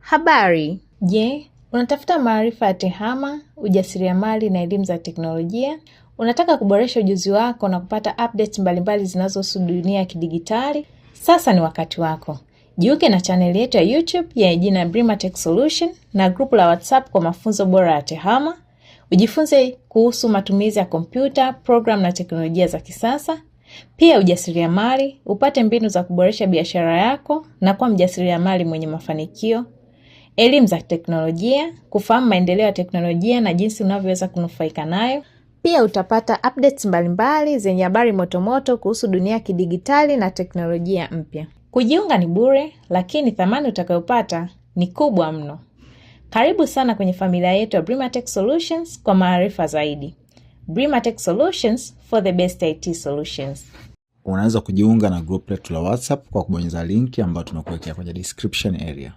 Habari. Je, unatafuta maarifa ya tehama, ujasiriamali na elimu za teknolojia? Unataka kuboresha ujuzi wako na kupata updates mbalimbali zinazohusu dunia ya kidigitali? Sasa ni wakati wako. Jiunge na chaneli yetu ya YouTube yenye jina Brima Tech Solution na grupu la WhatsApp kwa mafunzo bora ya tehama. Ujifunze kuhusu matumizi ya kompyuta, programu na teknolojia za kisasa. Pia ujasiriamali, upate mbinu za kuboresha biashara yako na kuwa mjasiriamali mwenye mafanikio elimu za teknolojia, kufahamu maendeleo ya teknolojia na jinsi unavyoweza kunufaika nayo. Pia utapata updates mbalimbali zenye habari motomoto kuhusu dunia ya kidigitali na teknolojia mpya. Kujiunga ni bure, lakini thamani utakayopata ni kubwa mno. Karibu sana kwenye familia yetu ya Brimatech Solutions kwa maarifa zaidi. Brimatech Solutions for the best IT solutions. Unaweza kujiunga na group letu la WhatsApp kwa kubonyeza linki ambayo tumekuwekea kwenye description area.